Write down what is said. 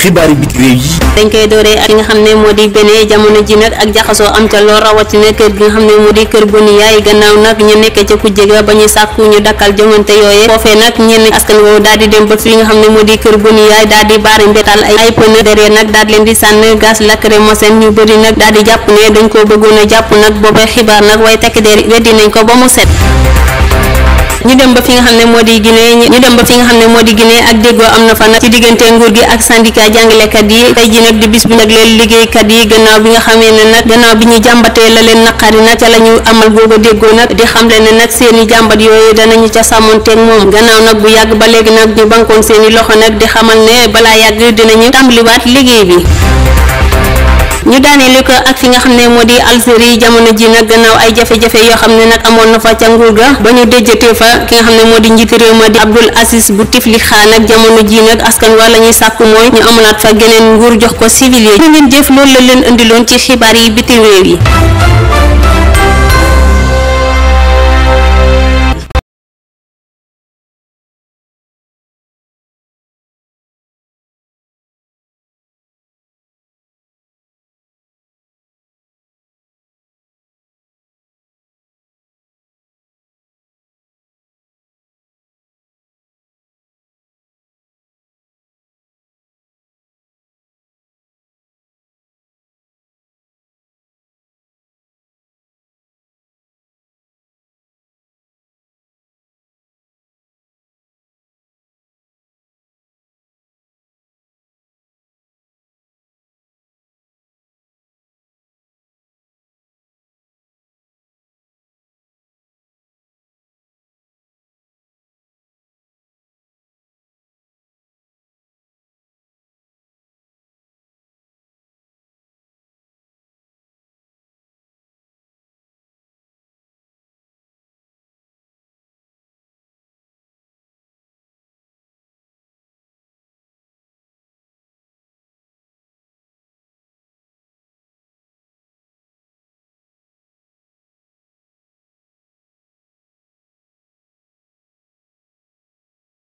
xibaari biti réew yi dañ koy dooree ak li nga xam ne moo di benee jamono ji nag ak jaxasoo am ca lool rawatina kër gi nga xam ne moo di kër goni yaay gannaaw nag ñu nekk ca kujje ga ba ñu sàkku ñu dakkal jongante yooye foofee nag ñenn askan woowu daal di dem ba fi nga xam ne moo di kër goni yaay daal di baari mbetal ay pëna deree nag daal di leen di sànn gaz lacrymogène ñu bëri nag daal di jàpp ne dañ koo bëggoon a jàpp nag booba xibaar nag way tekk der weddi nañ ko ba mu set ñu dem ba fi nga xam ne moo di Guinée ñu dem ba fi nga xam ne moo di Guinée ak déggoo am na fa nag ci diggante nguur gi ak syndicat jàngalekat yi tey ji nag di bis bi nag leen liggéeykat yi gannaaw bi nga xamee ne nag gannaaw bi ñu jàmbatee la leen naqari nag ca lañu ñu amal googu déggoo nag di xamle ne nag seeni jàmbat yooyu danañu ca sàmmonteeg moom gannaaw nag bu yàgg ba léegi nag ñu bankoon seeni loxo nag di xamal ne balaa yàgg dinañu tàmbaliwaat liggéey bi ñu daaneeli ko ak fi nga xam ne moo di Algérie jamono ji nag gannaaw ay jafe-jafe yoo xam ne nag amoon na fa ca nguur ga ba ñu déjjatee fa ki nga xam ne moo di njiitu réew ma di Abdoul Aziz xaan nag jamono ji nag askan wa la ñuy sàkku mooy ñu amalaat fa geneen nguur jox ko civil yi ñu ngeen jëf loolu la leen indiloon ci xibaar yi bitim réew yi